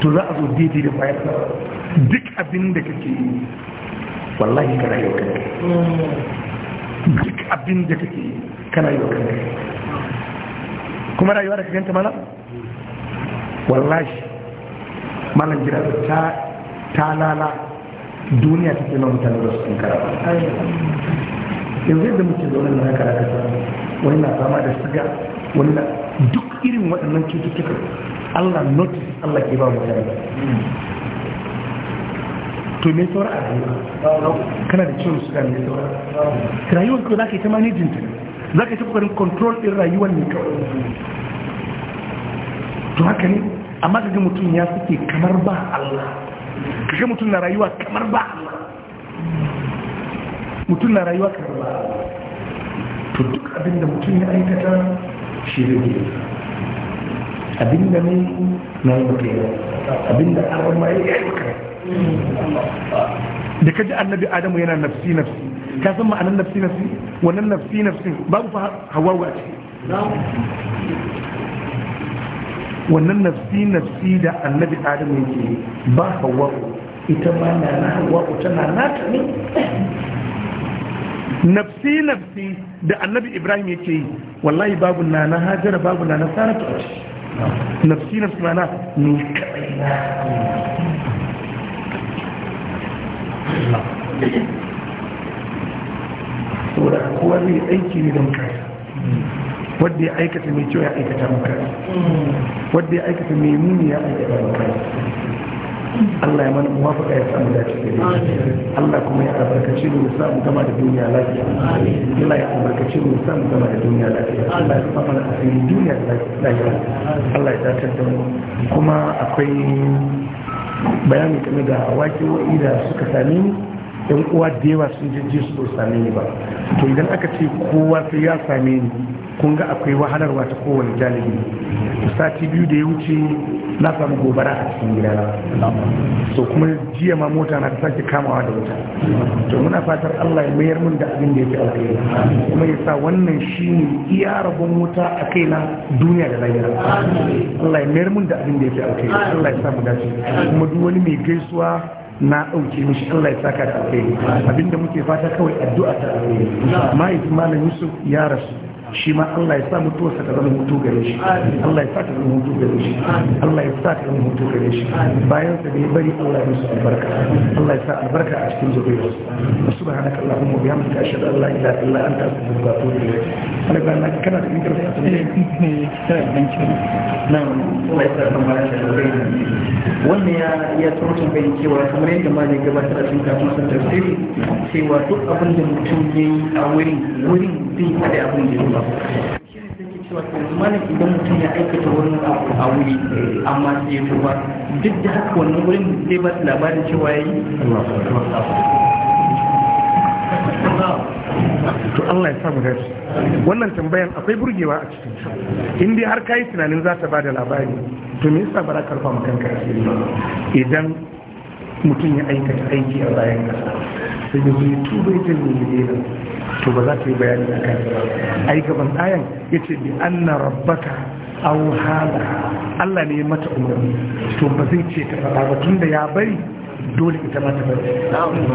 to za a zo daidai da kwayar duk abin da kake yi wallahi kana yau kanka duk abin da kake yi kana yau kanka kuma rayuwa da kaganta mana wallashi malam gida ta talala duniya ta ke mamuta da wasu kankara kara yanzu yadda muke zaune na kara kasa wani na fama da siga wani na duk irin waɗannan cututtuka allah notice allah ke ba mutane to me saura a rayuwa kana da ciwon suga me saura rayuwar ko za ka yi ta manejinta ta za ka ci kokarin control ɗin rayuwar ne kawai to haka ne amma ka ga mutum ya suke kamar ba Allah ka mutum na rayuwa kamar ba Allah mutum na rayuwa kamar ba Allah to duk abinda mutum ya aikata shi zai abinda ne na yi mutane abinda an ma ya yi aikata da kaji annabi adamu yana nafsi nafsi كاسم معنى النفسي نفسي وان النفسي نفسي باب هو واجه وان النفسي نفسي ده النبي آدم يجي با هو إتمانا هو وتنانات نفسي نفسي ده النبي إبراهيم يجي والله باب النانا هاجر باب النانا سانة نفسي نفسي معنى نكبينا الله saboda kowa zai aiki ne da mukasa wadda ya aikata mai kyau ya aikata mukasa wadda ya aikata mai muni ya aikata maka. Allah ya mana muwafa ya samu dace da Allah kuma ya albarkace mu samu gama da duniya lafiya Allah ya albarkace mu samu gama da duniya lafiya Allah ya sa mana asiri duniya lafiya Allah ya dace da mu kuma akwai bayani game da wake wa'ida da suka sami. ni yan uwa da yawa sun je su so same ni ba to idan aka ce kowa sai ya same ni kun ga akwai wahalarwa ta kowane jalibi sati biyu da ya wuce na samu gobara a cikin gida so kuma jiya ma mota na ta sake kamawa da wuta to muna fatar Allah ya mayar mun da abin da yake alheri kuma ya sa wannan shine iya rabon wuta a kaina duniya da lahira Allah ya mayar mun da abin da yake alheri Allah ya sa mu dace kuma duk wani mai gaisuwa na ɗauke mishi Allah ya saka da alheri abinda muke fata kawai addu'a ta Mai mahaifin malam Yusuf ya rasu shi ma Allah ya sa mutuwarsa ta zama hutu gare shi Allah ya sa ta zama hutu gare shi Allah ya sa ta zama hutu gare shi bayan sa da ya bari Allah ya musu albarka Allah ya sa albarka a cikin zuriyarsu subhanaka allahumma bihamdika ashhadu an la ilaha illa anta astaghfiruka wa atubu ilayk daga kana da eh, eh, wannan ya ya tsoron cewa kamar yadda ma ne gabatar a cikin kafin tafsiri cewa duk abin da mutum ya yi a wurin wurin zai kada abin da ya ba idan mutum ya aikata abu a wuri amma sai ya tuba duk da haka wannan wurin zai ba labarin cewa ya yi to Allah ya samu dace wannan tambayan akwai burgewa a cikin ta in dai har kai tunanin za ta bada labari to me yasa bara karfa maka kanka idan mutum ya aikata aiki a bayan kasa sai ya zo tuba ya jin ne to ba za ta yi bayani a kan ai gaban ayan yace bi anna rabbaka aw hala Allah ne mata umarni to ba zai ce ta faɗa ba tunda ya bari dole ita ma ta bari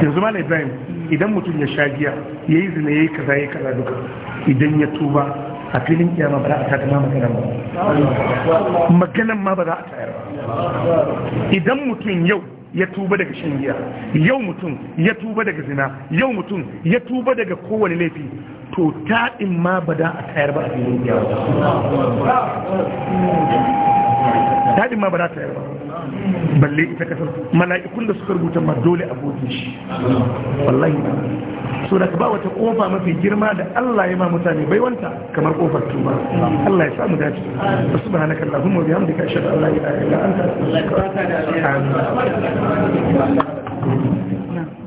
yanzu ma ibrahim idan mutum ya sha giya ya yi zina ya yi kaza ya kaza duka idan ya tuba a filin kiyama ba za a tata ma magana ba maganan ma ba za a tayar idan mutum yau ya tuba daga shan giya yau mutum ya tuba daga zina yau mutum ya tuba daga kowane laifi to taɗin ma ba za a tayar ba a filin kiyama ma ba za a tayar ba balle ita kasar mala'ikun da suka rubuta ma dole a bude shi wallahi so da ka ba wata kofa mafi girma da Allah ya ma mutane bai wanta kamar kofar tuba Allah ya samu dace subhanaka allahumma wa bihamdika ashhadu an la ilaha illa anta astaghfiruka wa atubu ilaik